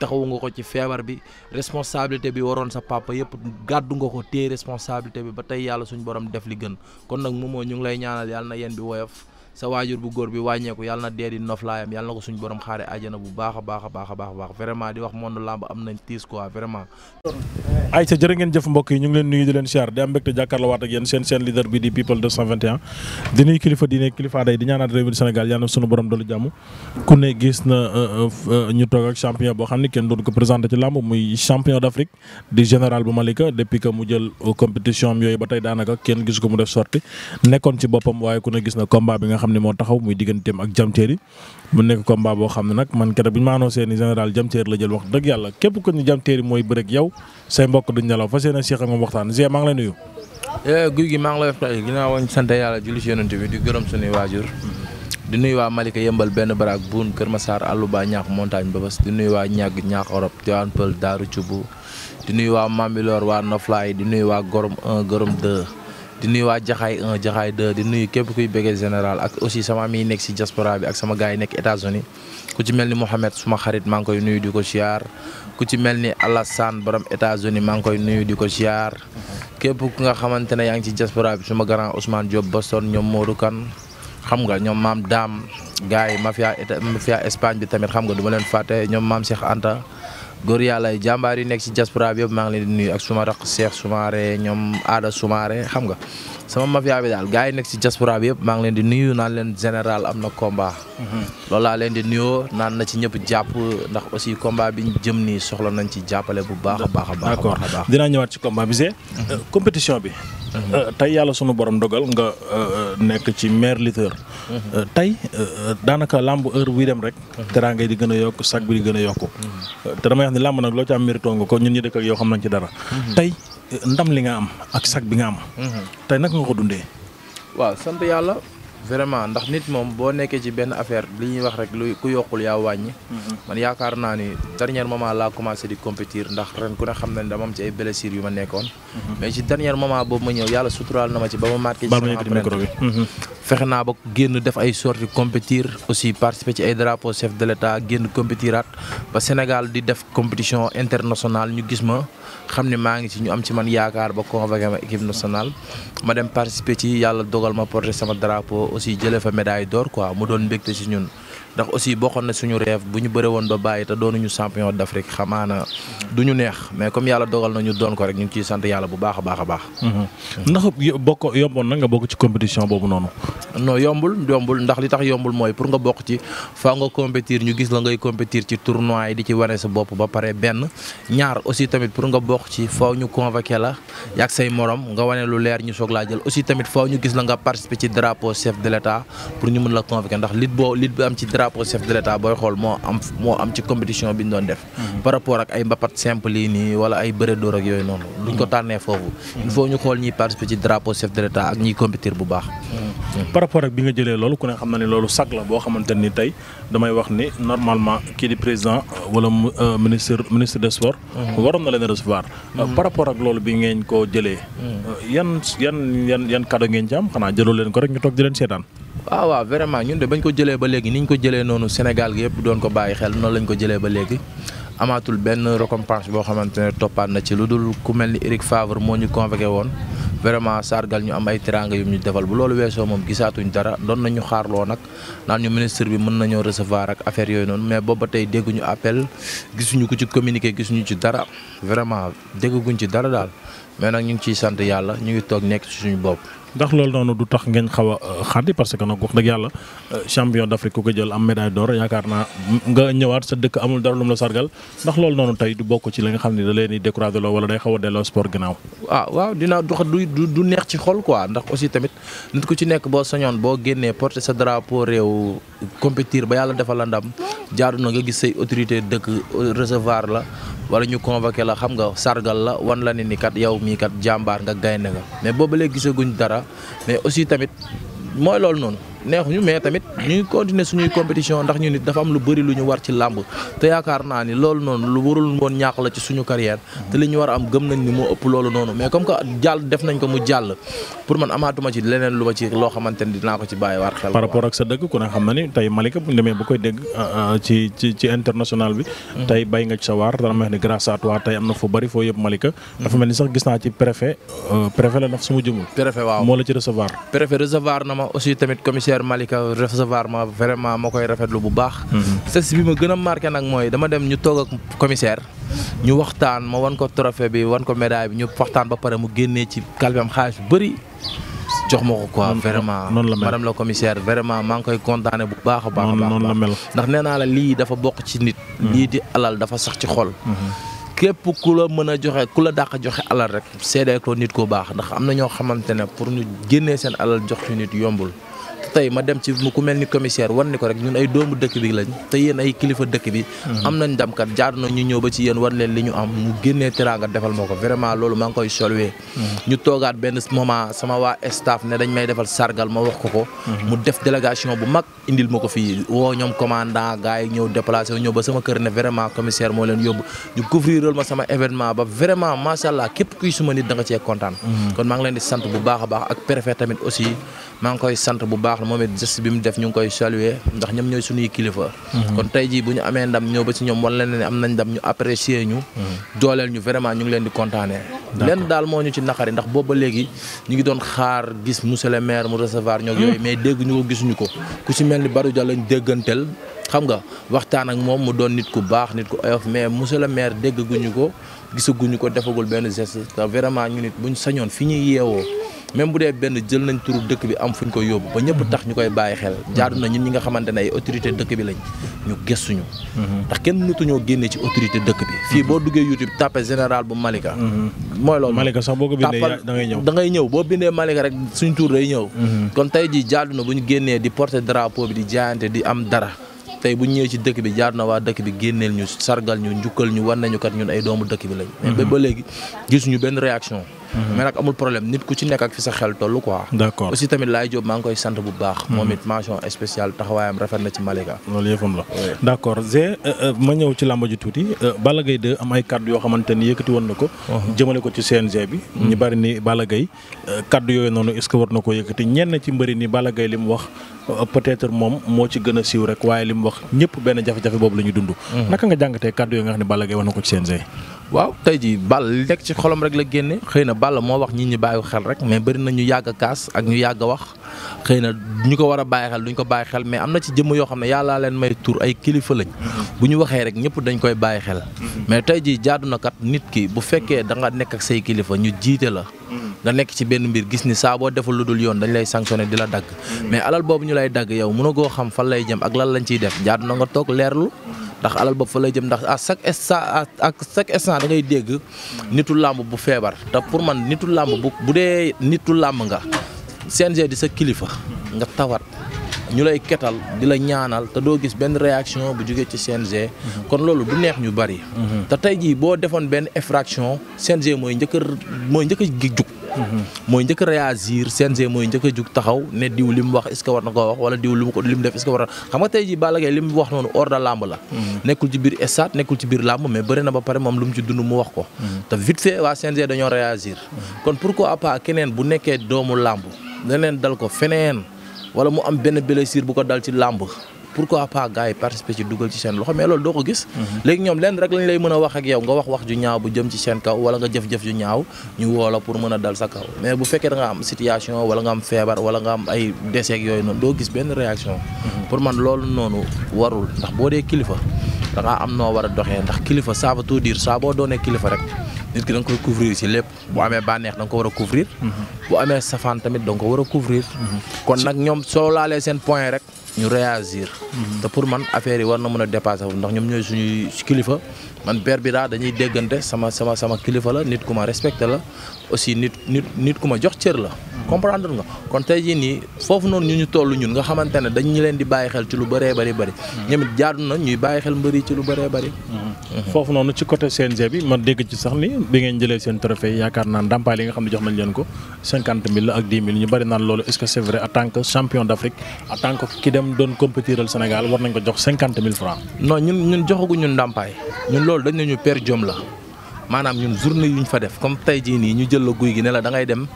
taxawu nga ko ci feebar bi responsabilité bi waroon sa papa yëpp gàddu nga ko téye responsabilité bi ba tey yàlla suñu borom def li gën kon nag moom moomoo ñu ngi lay ñaanal yàlla na yéen bi woyof sa waajur bu góor bi wàññeeku yàlla na dee di noflaayam yàlla na ko suñ borom xaare àjjana bu baax a baax a baax a baax vraiment di wax monde làmb am nañ tiis quoi vraiment. ay sa jërë ngeen jëf mbokk yi ñu ngi leen nuyu di leen siyaar di am mbégte jàkkaarloo waat ak yéen seen seen leader bi di people 221 di nuyu kilifa diine kilifa day di ñaanaat réew mi Sénégal yàlla na suñu borom doolu jàmm ku ne gis na euh, euh, ñu toog ak champion boo xam euh, ne xam ne moo taxaw muy digganteem ak jamteer mu nekk combat boo xam ne nag man keroog bi ñu ma annoncé général jamteer la jël wax dëgg yàlla képp ko ni jamteer yi mooy bëreeg yow say mbokk duñ nelaw fas yéene a ak moom waxtaan Zia maa ngi lay nuyu. Eh, guy gi maa ngi lay fay ginnaaw wañ sant yàlla julli si yonent bi di gërëm suñuy waajur. di nuyu waa Malika yëmbal benn baraak buun Kër Massar Allouba ñaax montagne babas di nuyu waa ñàgg ñaax Europe Tivaouane Peulh Daaru Cubu di nuyu waa di nuyu waa Jaxaay 1 di nuyu képp kuy bëggee général ak aussi sama ami nekk si diaspora bi ak sama gars yi nekk États-Unis ku ci mel ni Mouhamed suma xarit maa ngi koy nuyu di ko siyaar ku ci mel ni Alassane borom États-Unis maa ngi koy nuyu di ko siyaar képp ku nga xamante ne yaa ngi ci diaspora bi suma grand Ousmane Diop Boston ñoom Modou Kane xam nga ñoom maam daam gars yi mafia mafia Espagne bi tamit xam nga du ma leen fàtte ñoom maam Cheikh Anta. góor yàlla yi jàmbaar yi nekk ci diaspora bi yëpp maa ngi leen di nuyu ak suma rakk Cheikh Soumaré ñoom Aada Soumaré xam nga sama mafia bi daal gars yi nekk ci diaspora bi yëpp maa ngi leen di nuy naan leen général am na komba mhm. loolu laa leen di nuyoo naan na ci ñëpp jàpp ndax aussi combat bi ñu jëm nii soxla nañ ci jàppale bu baax a baax a baax. d'accord dinaa ñëwaat ci combat bi mhm. euh, compétition bi. Euh, tey yàlla sunu borom dogal nga euh, nekk ci maire lutteur. Mhm. Euh, tey daanaka làmb heure buy dem rek. Mhm. teraanga di gën yokk sag bi di gën a yokku. Mhm. te damay wax ni làmb nag loo ci am mérito nga ko ñun ñi dëkk ak yow xam nañ ci dara. tey ndam li nga am ak sag bi nga am. tey naka nga ko dundee. waaw sant yàlla. vraiment ndax nit moom boo nekkee ci benn affaire li ñuy wax rek lu ku yokkul yaa wàññi. Mhm. man yaakaar naa ni dernier moment laa commencé di compétir ndax ren ku ne xam na ne dama am ci ay blessures yu ma nekkoon. Mhm. mais ci dernier moment boobu ma ñëw yàlla suturaal na ma ci ba ma marqué. ci mhm. ay sorties chef de l'état génn compétiraat ba Sénégal di def compétition internationale ñu gis ma xam ne maa ngi ci ñu am ci man yaakaar ba convoqué ma équipe nationale ma dem participer ci yàlla dogal ma porter aussi jëlee fa médaille d'or quoi mu doon mbégte ci ñun ndax aussi bokkoon na suñu rêve bu ñu bëre woon ba bàyyi te doonuñu champion d'Afrique xamaana du ñu neex mais comme yàlla dogal na ñu doon ko rek ñu ngi ciy sant yàlla bu baax a baax a baax. Mhm. ndax bokk yomboon na nga bokk ci compétition boobu noonu. non yombul yombul ndax li tax yombul mooy pour nga bokk ci faa nga compétir ñu gis yi di ci wane ba pare benn ñaar aussi tamit pour nga bokk ci faaw ñu la yàgg say morom nga wane lu leer la nga participer ci ñu mën la convoqué ndax lit boo lit bi drapeau chef de l'état booy xool moo am moo am ci compétition bi ñu doon def. Mhm. par rapport ak ay mbapat simple yi nii wala ay bëre dóor ak yooyu noonu. duñ ko mhm. tànnee foofu. Mhm. il faut ñu xool ñiy participer ci drapeau chef de ak ñiy compétir bu baax. par rapport ak bi nga jëlee loolu ku ne xam na ne loolu sag la boo xamante ni tey damay wax ni normalement kii di président euh, wala euh, ministre ministre waroon na leen recevoir. Euh, par rapport ak loolu bi ngeen ko jëlee. yan yan yan kado ngeen waaw ah, waaw vraiment ñun de bañ ko jëlee ba léegi ni ñu ko jëlee noonu Sénégal gi yëpp doon ko bàyyi xel noonu lañ ko jëlee ba léegi amaatul benn récompense boo xamante ne toppaat na ci lu dul ku mel ni Eric Favre moo ñu convoqué woon vraiment sargal ñu am ay teraanga yu ñu defal bu loolu weesoo moom gisaatuñ dara doon nañu xaarloo nag naan ñu ministre bi mën nañoo recevoir ak affaire yooyu noonu mais booba tey dégguñu appel gisuñu ko ci communiqué gisuñu ci dara vraiment dégguñ ci dara daal mais nag ñu ngi ciy sant yàlla ñu ngi toog nekk ci suñu bopp. ndax loolu noonu du tax ngeen xaw a euh, xaddi parce que nag wax dëgg yàlla euh, champion d'Afrique ku ko jël am médaille d'or yaakaar naa nga ñëwaat sa dëkk amul dara lu la sargal ndax loolu noonu tey du bokk ci li nga xam ne da leen di découragé loo wala day xaw a delloo sport ginnaaw. ah waaw dinaa dox du du neex ci xool quoi ndax aussi tamit nit ku ci nekk boo sañoon boo génnee porter sa drapeau réew compétir ba yàlla defal la ndam jaaru na nga gis say autorité dëkk recevoir la wala ñu convoqué la xam nga sargal la wan la ne ni kat yow mii kat jàmbaar nga gaynde la mais boobu léegi gisaguñ dara mais aussi tamit mooy loolu noonu. neexuñu mais tamit ñu ngi continuer suñuy compétition ndax ñu nit dafa am lu bëri lu ñu war ci làmb te yaakaar naa ni loolu noonu lu warul woon ñàkk la ci suñu carrière te li war am gëm nañ ni moo ëpp loolu noonu mais comme que jàll def ba koy dégg euh, euh, mm-hmm. sa waar dana ma wax ni grâce à toi tey am mm-hmm. naa ci euh, préfet la ndax su Cher Malika recevoir ma vraiment ma koy lu bu baax. test mhm. bi ma gën a marqué nag mooy dama dem ñu toog ak commissaire. ñu waxtaan ma wan ko trophée bi wan ko médaille bi ñu waxtaan ba pare mu génnee ci kalpem xaalis bu bari jox ma ko quoi vraiment madame la commissaire vraiment maa ngi koy kontaane bu baax a baax a baax ndax nee naa la lii dafa bokk ci nit mhm. lii di alal dafa sax ci xol mhm. képp ku la mën a joxe ku la dàq joxe alal rek seedee ko nit ku baax ndax am na ñoo xamante ne pour ñu génnee seen alal jox ci nit tey ma dem ci ku mel ni commissaire wan ni ko rek ñun ay doomu dëkk bi lañ te yéen ay kilifa dëkk bi mhm. am nañ ndam jaar na ñu ñëw ba ci yéen wan leen li ñu am mu génnee teraanga defal ma ko vraiment loolu maa ngi koy solwee mhm. ñu toogaat benn moment sama waa staff ne dañ may defal sargal ma wax ko ko mhm. mu def délégation bu mag indil ma ko fii woo ñoom commandant gars yi ñëw déplacé ñëw ba sama kër ne vraiment commissaire moo leen yóbbu ñu couvriral ma sama événement ba vraiment macha allah képp kuy suma nit da nga cee kontaan kon maa ngi leen di sant bu a baax baax moom it geste bi mu def ñu ngi koy saluer ndax ñoom ñooy suñuy kilifa. Mhm. kon tey jii bu ñu amee ndam ñëw ba ci ñoom wan leen ne am nañ ndam ñu apprécier ñu. Mhm. dooleel ñu vraiment ñu ngi leen di kontaanee. lenn daal moo ñu ci naqari ndax booba léegi ñu ngi doon xaar gis monsieur le maire mu recevoir ñoog mhm. yooyu mais dégg ñu ko gisuñu ko ku si mel ni Barou Dia lañ dégganteel xam nga waxtaan ak moom mu doon nit ku baax nit ku oyof mais monsieur le maire dégg ko gisaguñu ko defagul benn geste vraiment ñu nit buñ sañoon fi ñuy yeewoo même bu dee benn jël nañ turu dëkk bi am fuñ ko yóbbu ba ñëpp tax ñu koy bàyyi xel jaadu na ñun ñi nga xamante ne ay autorité dëkk bi lañ ñu gëstuñu mhm. ndax kenn mënatuñoo génne ci autorité dëkk bi fii boo duggee YouTube tapé général bu Malika mhm. mooy loolu Malika sax boo ko bindee da ngay ñëw da ngay ñëw boo bindee Malika rek suñ tur day ñëw mhm. kon tey ji jaadu na bu ñu génnee di porter drapeau bi di jaayante di am dara tey bu ñëwee ci dëkk bi jaar na waa dëkk bi génneel ñu sargal ñu njukkal ñu war nañu kat ñun ay doomu dëkk bi lañ mais ba léegi gisuñu benn réaction Mm-hmm. mais nag amul problème nit ku ci nekk ak fi sa xel toll quoi. d'accord aussi tamit Laye Diop ngi koy sant bu baax. Mm-hmm. moom it mention spéciale taxawaayam rafet na ci Malika. loolu yëfam la euh, euh, ma ñëw ci làmb tuuti euh, Balla Gaye am ay kaddu yoo xamante ni yëkkati woon na ko. Uh-huh. jëmale ko ci CNG bi. Mm-hmm. ñu bari ni Balla Gaye kaddu yooyu noonu est-ce que war na ko yëkkati ñenn ci mbëri ni Balla Gaye li mu wax peut-être moom moo ci gën a siiw rek waaye li mu wax ñëpp benn jafe-jafe boobu la ñu dund. naka nga jàngatee kaddu yoo nga xam ne Balla Gaye wax na ko ci CNG. waaw tey jii Balla li nekk ci xolom rek la génne xëy na Balla moo wax nit ñi bàyyi ko xel rek mais bëri na ñu yàgg kaas ak ñu yàgg wax xëy na ñu ko war a bàyyi xel duñ ko bàyyi xel mais am na ci jëmm yoo xam ne yàllaa leen may tur ay kilifa lañ bu ñu waxee rek ñëpp dañ koy bàyyi xel mais tey jii jaadu na kat nit ki bu fekkee da nekk ak say kilifa ñu jiite la nga nekk ci benn mbir gis ni saaboo boo deful lu yoon dañ lay sanctionné di la dagg mais alal boobu ñu lay dagg yow mënagoo xam fan lay jëm ak lan lañ ciy def jaadu na nga toog leerlu ndax alal ba fa lay jëm ndax à chaque instant ak chaque instant da ngay dégg nitu làmb bu feebar te pour man nitu làmb bu dee nitu làmb nga CNG di sa kilifa nga tawat ñu lay ketal di la ñaanal te doo gis benn réaction bu jógee ci CNG. kon loolu du neex ñu bari. te tey jii boo defoon benn infraction CNG mooy njëkk mooy njëkk a jug. mooy njëkk a réagir mooy njëkk a jug taxaw ne diw li mu wax est-ce war na koo wax wala diw li ko li mu def est war na xam nga tey jii Balla Gaye li mu wax noonu hors de làmb la. nekkul ci biir stade nekkul ci biir làmb mais bëri na ba pare moom lu mu ci dund mu wax ko. te vite fait waa CNG dañoo réagir. kon pourquoi pas keneen bu nekkee doomu làmb leneen dal ko feneen. wala mu am benn blessure bu ko dal ci làmb pour pourquoi pas gars yi participer ci dugal ci seen loxo mais loolu doo ko gis. Mhm. léegi ñoom lenn rek lañ lay mën a wax ak yow nga wax wax ju ñaaw bu jëm ci seen kaw wala nga jëf-jëf ju ñaaw ñu woo la pour mën a dal sa kaw mais bu fekkee da am situation wala nga am feebar wala nga am ay décès yooyu noonu doo gis benn réaction. Mhm. pour man loolu noonu warul ndax boo dee kilifa da am noo war a doxee ndax kilifa ça veut tout dire doonee kilifa rek. nit ki da nga koy couvrir ci lépp bu amee bànneex da ko war a couvrir mhm. bu amee safaan tamit da ko war a couvrir mhm. kon nag ñoom soo laalee seen point rek ñu réagir mhm. te pour man affaire yi war na mën a dépasser foofu ndax ñoom ñooy suñuy kilifa man beer bi daa dañuy déggante sama sama sama kilifa la nit ku ma respecté la aussi nit nit nit ku ma jox cër la comprendre nga kon tey jii nii foofu noonu ñu ñu toll ñun nga xamante ne dañ ñu leen di bàyyi xel ci lu bëree bëri bëri ñoom it ñuy bàyyi xel mbëri ci lu bëree bëri foofu noonu ci côté CNG bi ma dégg ci sax ni bi ngeen jëlee seen trophée yaakaar naa ndàmpaay li nga xam ne jox nañ leen ko cinquante mille ak dix ñu bari naan loolu est-ce que c'est champion d'Afrique en tant ki dem doon compétiral Sénégal war nañ ko jox cinquante mille francs ñun joxaguñu ndàmpaay ñun loolu dañ nañu per jom la maanaam ñun journée yu ñu fa def comme tey jii nii ñu jël la guy gi ne la da dem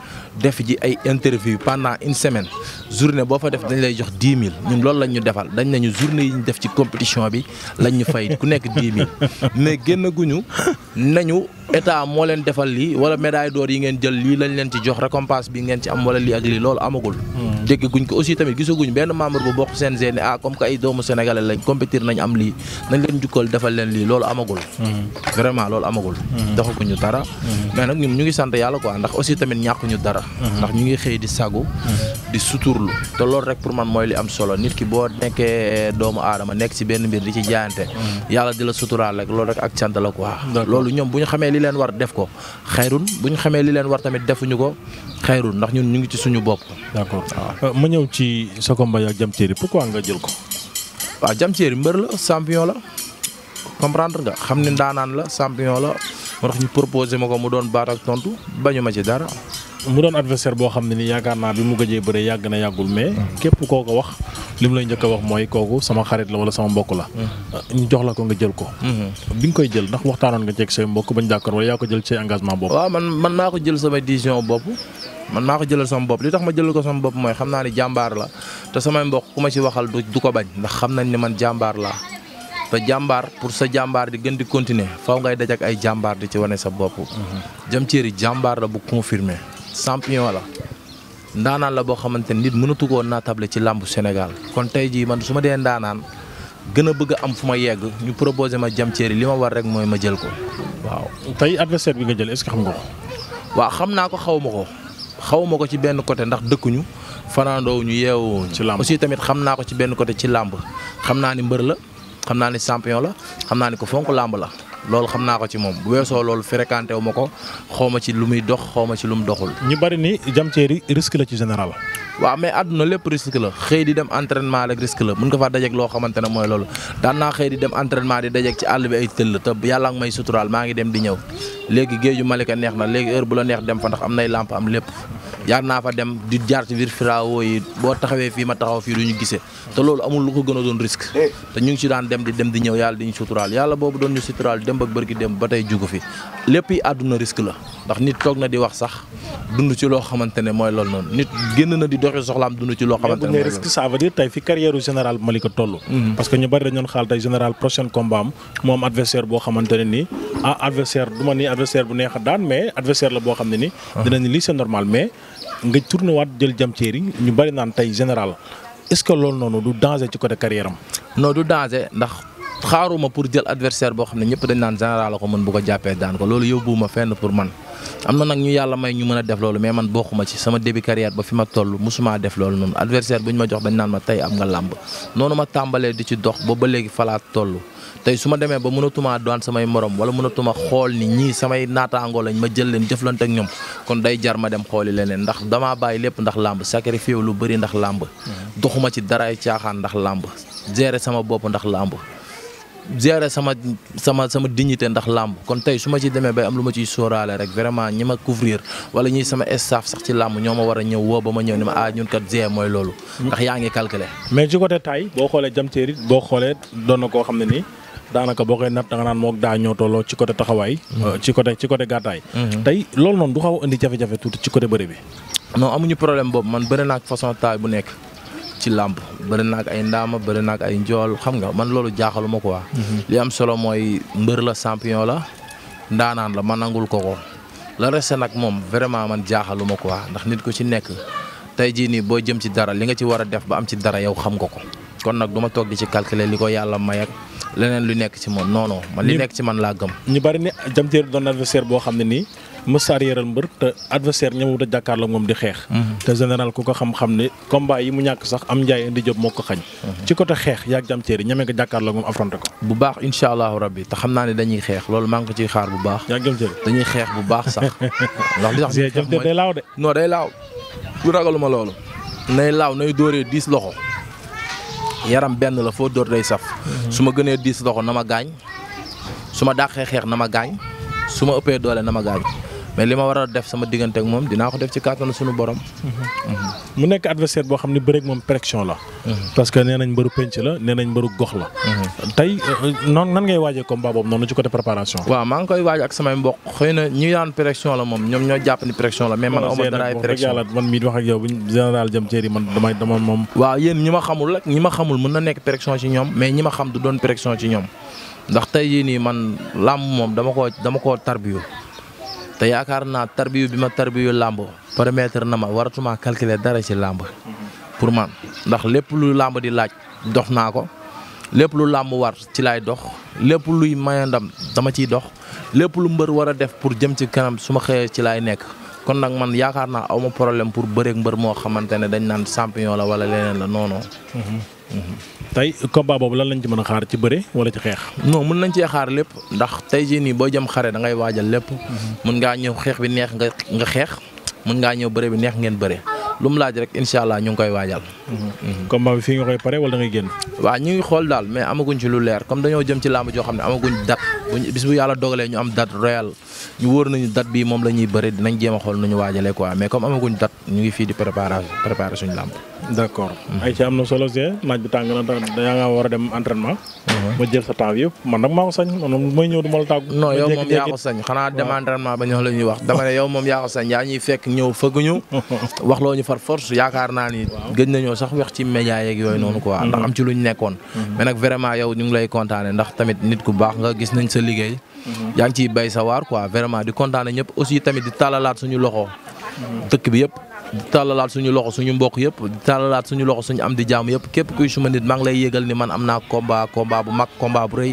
def ji ay interview pendant une semaine journée boo fa def dañ lay jox dix mille ñun loolu lañ ñu defal dañ nañu journée yi ñu def ci compétition bi lañ ñu fay ku nekk dix mille mais génn guñu nañu état moo leen defal lii wala médaille d'or yi ngeen jël lii lañ leen ci jox récompense bi ngeen ci am wala lii ak lii loolu amagul. dégg guñ ko aussi tamit gisaguñ benn membre bu bokk CNG ne ah comme que ay doomu sénégalais lañ compétir nañ am lii nañ leen jukkal defal leen lii loolu amagul. Mm-hmm. vraiment loolu amagul. doxaguñu mm-hmm. dara. Mm-hmm. mais nag ñun ñu ngi sant yàlla ko ndax aussi tamit ñàkkuñu dara. ndax ñu ngi xëy di sagu. di lu te loolu rek pour man mooy li am solo nit ki boo nekkee doomu aadama nekk ci benn mbir di ci jaayante. yàlla di la suturaal rek loolu rek ak sant la quoi. loolu ñoom bu ñu xamee li leen war def ko xayrun bu ñu xamee li leen war tamit defuñu ko xayrun ndax ñun ñu ngi ci suñu bopp. Euh, ma ñëw ci sa combat ak Diam Terry pourquoi nga jël ko. waaw Diam Terry mbër la champion la comprendre nga xam ne ndaanaan la champion la moo tax ñu proposé ma ko mu doon baat ak tontu bañu ma ci dara. mu doon adversaire boo xam ne ni yaakaar naa bi mu gëjee bëre yàgg na yàggul mais képp koo ko wax li mu lay jëkk a wax mooy kooku sama xarit la wala sama mbokk la mm-hmm. ñu jox la ko nga jël ko mm-hmm. bi nga koy jël ndax waxtaanoon nga ceeg say mbokk bañ d'accord wala yaa ko jël say engagement bopp waaw man man maa ko man maa ko jëlal sama bopp li tax ma jëlal ko sama bopp mooy xam naa ni jàmbaar la te samay mbokk ku ma ci waxal du ko bañ ndax xam nañ ne man jàmbaar la te jàmbaar pour sa jàmbaar di gën di continuer faw ngay daj ak ay jàmbaar di ci wane sa bopp. Diam mhm. Terry jàmbaar la bu confirmé champion la ndaanaan la boo xamante ni nit mënatu koo naatable ci làmbu Sénégal kon tey jii man su ma dee ndaanaan gën a bëgg am fu ma yegg ñu proposé ma Diam Terry li ma war rek mooy ma jël ko waaw. tey adversaire bi nga jël est-ce que nga ko. waaw xam naa ko xaw ko. xawuma ko ci benn côté ndax dëkkuñu fanaandoo ñu yeewoo ci làmb aussi tamit xam naa ko ci benn côté ci làmb xam naa ni mbër la xam naa ni champion la xam naa ni ko fonk làmb la loolu xam naa ko ci moom bu weesoo loolu fréquenté wu ma ko xawma ci lu muy dox xaw ma ci lu mu doxul. ñu bari ni Diam Terry risque la ci général. waaw mais àdduna lépp risque la xëy di dem entraînement rek risque la mun nga faa dajeeg loo xamante ne mooy loolu daan naa xëy di dem entraînement di dajeeg ci àll bi yàlla may suturaal maa ngi dem di ñëw léegi géeju Malika neex na léegi heure bu la neex dem fa ndax am nay lamp am lépp jaar naa fa dem di jaar ci biir firaawo yi boo taxawee fii ma taxaw fii lu ñu gisee te loolu amul lu ko gën a doon risque eh. te ñu ngi ci daan dem di dem di ñëw yàlla di ñu suturaal yàlla boobu doon ñu suturaal dem ak bërki dem ba tey jugu fi lépp yi àdduna risque la ndax nit toog na di wax sax dund ci loo xamante ne mooy loolu noonu nit génn na di doxi soxlaam dund ci loo xamante ne mooy loolu risque ça veut dire tey fi adversaire bu neex a daan mais adversaire la boo xam ne ni. Ah. dinañ lii c'est normal mais nga tourné jël jam ceeri ñu bari naan tey général est-ce noonu du danger ci côté carrière am. non du danger ndax. xaaruma pour jël adversaire boo xam ne ñëpp dañ naan général la ko mën bu ko jàppee daan ko loolu yóbbuwuma fenn pour man am na nag ñu yàlla may ñu mën a def loolu mais man bokkuma ci sama début carrière ba fi ma toll musuma def loolu noonu adversaire bu ñu ma jox dañ naan ma tey am nga làmb noonu ma tàmbalee di ci dox ba ba léegi falaat toll tey su ma demee ba mënatuma daan samay morom wala mënatuma xool ni ñii samay naataangoo lañ ma jël leen jëflante ak ñoom kon day jar ma dem xooli leneen ndax damaa bàyyi lépp ndax làmb sacrifié lu bëri ndax làmb mm-hmm. doxuma ci daraay caaxaan ndax làmb sama bopp ndax làmb gérer sama sama sama ndax làmb kon tey su ma ci demee bay am lu ma ciy sóoraale rek vraiment ñi ma couvrir wala ñi sama staff sax ci làmb ñoo ma war a ñëw woo ba ma ñëw ni ma ah ñun kat GM mooy loolu. ndax yaa ngi calculer. mais ci côté taay boo xoolee jam teerit boo xoolee doon na koo xam ne nii daanaka boo koy natt da nga naan moog daa ñoo tolloo ci côté taxawaay. Mm-hmm. Euh, ci côté ci côté gàttaay. Mm-hmm. tey loolu noonu du xaw a indi jafe-jafe tuuti ci côté bëri bi. non amuñu problème boobu man bëri naa ak façon taay bu ci làmb bëri naag ay ndaama bëri ay njool xam nga man loolu jaaxaluma quoi. Mhm. li am solo mooy mbër la champion la ndaanaan la ma nangul ko ko la reste nag moom vraiment man jaaxaluma quoi ndax nit ku ci nekk tey jii nii boo jëm ci dara li nga ci war a def ba am ci dara yow xam nga ko kon nag du ma toog di ci calculer li ko yàlla may ak leneen lu nekk ci moom noono non li nekk ci man laa gëm. ñu bari ne Diam doon adversaire boo xam ne nii mës a mbër te adversaire ñamawut a jàkkaarloo moom di xeex mhm. te général ku ko xam-xam ne combat yi mu ñàkk sax am njaay indi job moo ko xañ mhm. ci côté xeex yaag jam ceeri ñame nga jàkkaarloo moom affronté ko bu baax incha allahu rabbi te xam naa ne dañuy xeex loolu maa ngi ko ciy xaar bu baax yaag jam ceeri dañuy xeex bu baax sax ndax li tax jam day laaw de noo day laaw lu ragaluma loolu nay laaw nay dóoree diis loxo yaram benn la foo dóor day saf mhm. su ma gënee diis loxo na gaañ su ma dàqee xeex na ma gaañ su ma ëppee doole na mais li ma war a def sama diggante ak moom dinaa ko def ci kàttanu suñu borom. Mhm. mu nekk adversaire boo xam ne bëreeg moom pression la. Mhm. parce que nee nañ mbëru penc la nee nañ mbëru gox la. Mhm. tey euh, noonu nan ngay waajee combat boobu noonu ci côté préparation. waaw maa ngi koy waaj ak samay mbokk xëy na ñi daan pression la moom ñoom ñoo jàpp ni pression la mais man aw ma daraay pression man mii wax ak yow buñ général jëm ceeri man damay dama moom. waaw yéen ñi ma xamul ak ñi na nekk pression ci ñoom mais ñi ma xam du doon pression ci ñoom tey nii man làmb moom dama koo dama koo tarbiyo te yaakaar naa tarbiyu bi ma tarbiyu làmb permettre na ma waratuma calculer dara ci làmb pour man ndax lépp lu làmb di laaj dox naa ko lépp lu làmb war ci laay dox lépp luy mayandam dama ciy dox lépp lu mbër war a def pour jëm ci kanam suma xëyee ci laay nekk kon nag man yaakaar naa awma problème pour bëreek mbër moo xamante ne dañ naan champion la wala leneen la non mhm. tey combat boobu lan lañ ci mën a xaar ci bëre wala ci xeex. non mën nañ cee xaar lépp ndax tey jii nii boo jëm xare dangay waajal lépp. Mhm. mën ngaa ñëw xeex bi neex nga nga xeex mën ngaa ñëw bëre bi neex ngeen bëre. lu mu laaj rek incha allah ñu ngi koy waajal. Mhm. combat bi fii nga koy pare wala da ngay génn. waaw ñu ngi xool daal mais amaguñ ci lu leer comme dañoo jëm ci làmb joo xam ne amaguñ date bis bu yàlla dogalee ñu am date royal ñu wóor nañu date bi moom la ñuy dinañ jéem a xool nu ñu waajalee mhm. am na solo see naaj bi tàng na da nga war a dem entraînement. Mhm. ma jël sa temps bi man nag maa ko sañ mooy ñëw du la tàggu. non yow moom yaa ko sañ xanaa dem entraînement far force yaakaar naa ni. gëj nañoo sax wax ci média yeeg yooyu noonu quoi. Mm-hmm. ndax am ci ñu nekkoon. Mm-hmm. mais nag vraiment yow ñu ngi lay kontaane ndax tamit nit ku baax nga gis nañ sa liggéey. Mm-hmm. yaa ngi ciy bay sa waar quoi vraiment di kontaane ñëpp aussi tamit di tàllalaat suñu loxo. dëkk bi yëpp. di tàllalaat suñu loxo suñu mbokk yëpp di tàllalaat suñu loxo suñu am di jaam yëpp képp kuy suma nit maa ngi lay yëgal ni man am naa combat combat bu mag kombaa bu rëy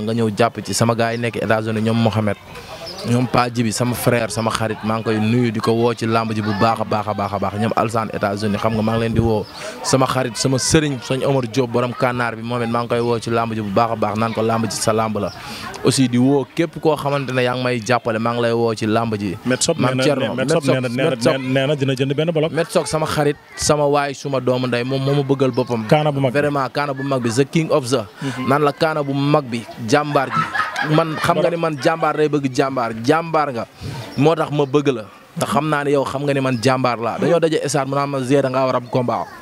nga ñëw jàpp ci sama gars yi nekk États-Unis ñoom Mohamed ñoom Pa bi sama frère sama xarit maa ngi koy nuyu di ko woo ci làmb ji bu baax a baax a baax a baax ñoom alsan États-Unis xam nga maa ngi leen di woo sama xarit sama sëriñ soñ Omar Diop borom kànnaar bi moom it maa ngi koy woo ci làmb ji bu baax a baax naan ko làmb ji sa làmb la aussi di woo képp koo xamante ne yaa may jàppale maa ngi lay woo ci làmb ji maam Thierno nee na dina jënd benn bloc met soog sama xarit sama waay suma doomu ndey moom moo ma bëggal boppam vraiment kaana bu mag bi the king of the mhm. naan kaana bu mag bi jàmbaar man xam nga ni man jàmbaar day bëgg jàmbaar jàmbaar nga moo tax ma bëgg la te xam naa ne yow xam nga ni man jàmbaar laa dañoo daje esaat mu naa ma Zé nga ngaa war a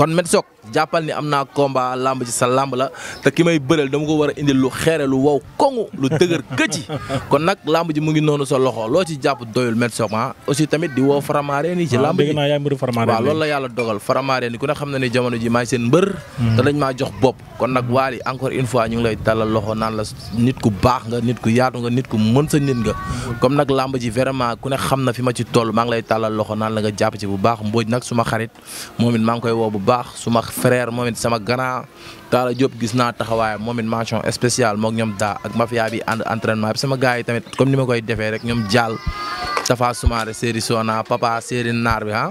kon Met Choc jàppal ni am naa combat lamb ci sa lamb la te ki may bëreel dama ko war a lu xeere lu wow koŋu lu dëgër këcci kon nag lamb ji mu ngi noonu sa loxo loo ci jàpp doyul Met ah. la yàlla dogal faramaare ni ku ne xam na ne jamono ji maa ngi seen mbër hmm. te dañ maa jox bopp kon nag waali encore une fois ñu ngi lay dalal loxo naan la nit ku baax nga nit ku yaatu nga nit ku mën sa nit nga comme nag lamb ji vraiment ku ne xam na fi ma ci toll maa ngi lay tàllal loxo naan la nga jàpp ci bu baax mbooj nag suma baax suma frère moom it sama grand Talla Diop gis naa taxawaay moom it mention spéciale moog ñoom daa ak mafia bi ànd entraînement sama gars yi tamit comme ni ma koy defee rek ñoom jaal Tafa Soumaré Séri Sona Papa Séri Naar bi ah.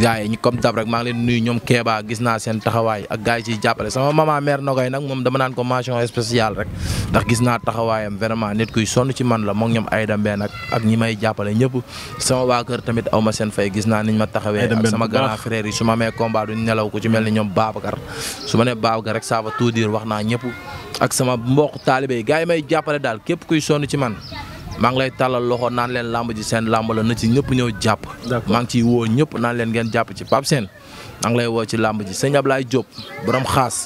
gars yi ñu comme dab rek maa leen nuyu ñoom Kéba gis naa seen taxawaay ak gars yi ciy jàppale sama maman mère Nogay nag moom dama naan ko mention spéciale rek ndax gis naa taxawaayam vraiment nit kuy sonn ci man la moom ñoom Aïda Mbène ak ak ñi may jàppale ñëpp sama waa kër tamit aw ma seen fay gis naa niñ ma taxawee ak sama grand frère yi su ma mee combat duñ nelaw ku ci mel ni ñoom Babacar su ma nee Babacar rek ça va tout dire wax naa ñëpp ak sama mbokk taalibe yi gars yi may jàppale daal képp kuy sonn ci man maa ngi lay tàllal loxo naan leen làmb ji seen làmb la na ci ñëpp ñëw jàpp. maa ngi ciy woo ñëpp naan leen ngeen jàpp ci Pape seen maa ngi lay woo ci làmb ji sëñ Ablaye Diop borom xaas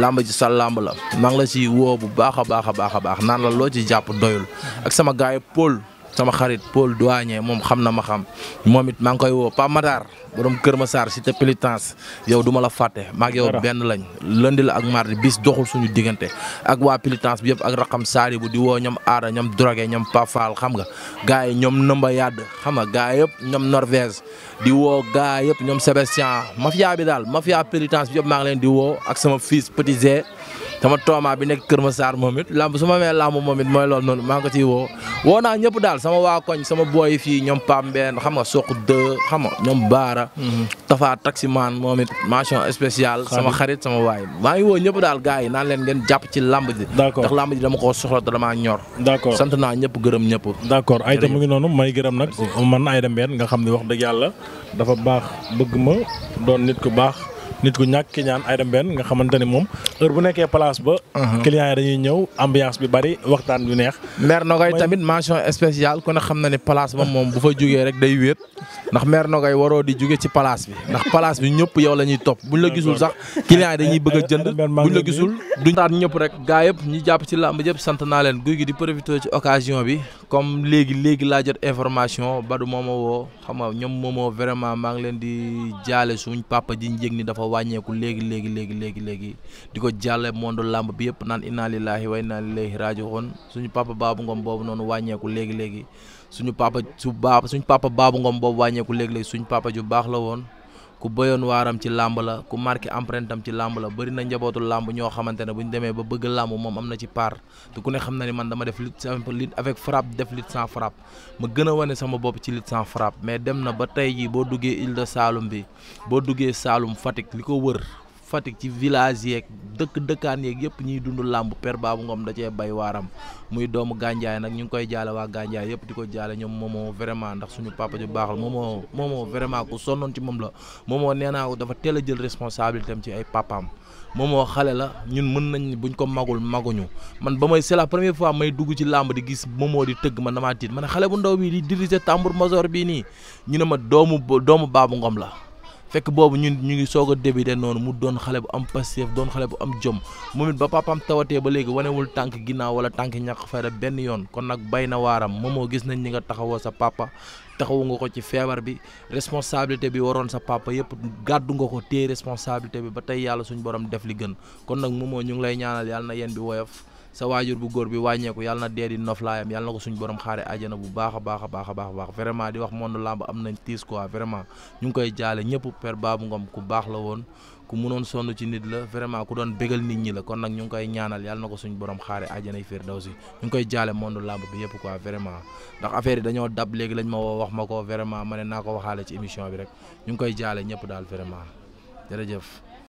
làmb ji sal làmb la maa ngi la ciy woo bu baax a baax a baax a baax naan la loo ci jàpp doyul ak sama gaay Paul sama xarit Paul Douanier moom xam na ma xam moom it maa ngi koy woo Pape Matar borom Kër Massar cité Pélitance yow du ma la fàtte. maag yow benn lañ lundi la ak mardi bis doxul suñu diggante. ak waa Pélitance bi yëpp ak Rakam Saari bu di woo ñoom Aada ñoom Drogué ñoom Pafal xam nga gars yi ñoom Nëmba Yàdd xam nga gars yëpp ñoom Norvège di woo gars yëpp ñoom Sébastien mafia bi daal mafia Pélitance bi yëpp maa ngi leen di woo ak sama fils Petit sama tooma bi nekk Kër saar moom it lamb su ma mee lamb moom it mooy loolu noonu maa ngi ko ciy woo woo naa ñëpp daal sama waa koñ sama booy fii ñoom Pambeen xam nga soq dë xam ñoom Baara. Mhm. Tafa taximaan moom it mention spéciale. sama xarit waay maa ngi woo ñëpp daal gars yi naan leen ngeen jàpp ci lamb ji. d'accord ndax lamb ji dama koo soxla ñor. d'accord sant naa ñëpp gërëm ñëpp. d'accord ay tam mu ngi noonu may gërëm nag man ay dem benn nga xam ne wax dëgg yàlla dafa baax bëgg ma doon nit ku baax nit ku ñàkk ki ñaan Ayda Mbène nga xamante ni moom heure bu nekkee place ba. Uh-huh. clients yi dañuy ñëw ambiance bi bari waxtaan bi neex. maire Nogay tamit mention spéciale kon ne xam na ne place ba moom bu fa jugee rek day wéet ndax maire Nogay waroo di jugee ci place bi ndax place bi ñëpp yow la ñuy topp buñ la gisul sax clients yi dañuy bëgg a jënd buñ la gisul duñ taan ñëpp rek gaa yëpp ñi jàpp ci làmb yëpp sant naa leen guy gi di profité ci occasion bi comme léegi léegi laa information Badou moo xam nga ñoom moo vraiment maa ngi leen di jaale suñ papa ji ñu yëg ni wàññeeku léegi léegi léegi léegi léegi di ko jàlle monde làmb bi yëpp naan inna lillahi wa inna ilayhi raji'un suñu papa baabu ngoom boobu noonu wàññeeku léegi léegi suñu papa su baa suñu papa baabu ngoom boobu wàññeeku léegi léegi suñu papa ju baax la woon ku bëyoon waaram ci làmb la ku marqué empreinte am ci làmb la bëri na njabootul làmb ñoo xamante ne bu ñu demee ba bëgg làmb moom am na ci part te ku ne xam na ni man dama def lutte simple lutte avec frappe def lutte sans frappe ma gën a wane sama bopp ci lutte sans frappe mais dem na ba tey jii boo duggee île saalum bi boo duggee saalum Fatick li ko wër Fatick ci village yeeg dëkk dëkkaan yeeg yëpp ñuy dund làmb per baabu ngoom da cee bay waaram muy doomu gànjaay nag ñu ngi koy jaale waa gànjaay yëpp di ko jaale ñoom moomoo vraiment ndax suñu papa ju baaxal moomoo moomoo vraiment ku sonnoon ci moom la moomoo nee naa dafa teela a jël responsabilité am ci ay papaam moomoo xale la ñun mën nañ buñ ko magul maguñu man ba may c'est la première fois may dugg ci làmb di gis moomoo di tëgg man damaa tiit man xale bu ndaw bi di diriger tambour major bii nii ñu ne ma doomu doomu baabu ngoom la fekk boobu ñun ñu ngi soog a débuté noonu mu doon xale bu am Pastef doon xale bu am jom moom it ba papaam tawatee ba léegi wanewul tànk ginnaaw wala tànk ñàkk fayda benn yoon kon nag bay na waaram moomoo gis nañ ñi nga taxawoo sa papa taxawu nga ko ci feebar bi responsabilité bi waroon sa papa yëpp gàddu nga ko té responsabilité bi ba tey yàlla suñu borom def li gën kon nag moomoo ñu ngi lay ñaanal yàlla na yéen bi woyof sa waajur bu góor bi wàññeeku yàlla na dee di noflaayam yàlla na ko suñ borom xaare na bu baax a baax a baax a baax vraiment di wax monde làmb am na tiis quoi vraiment ñu ngi koy jaale ñëpp per baabu ngom ku baax la ku mënoon sonn ci nit la vraiment ku doon bégal nit ñi la kon nag ñu ngi koy ñaanal yàlla na ko suñ borom xaare àjjana yi firdawsi ñu ngi koy jaale monde làmb bi yëpp quoi vraiment ndax affaire yi dañoo dab léegi lañ ma wax ma ko vraiment ma ne naa ko waxaale ci émission bi rek ñu ngi koy jaale ñëpp daal vraiment jërëjëf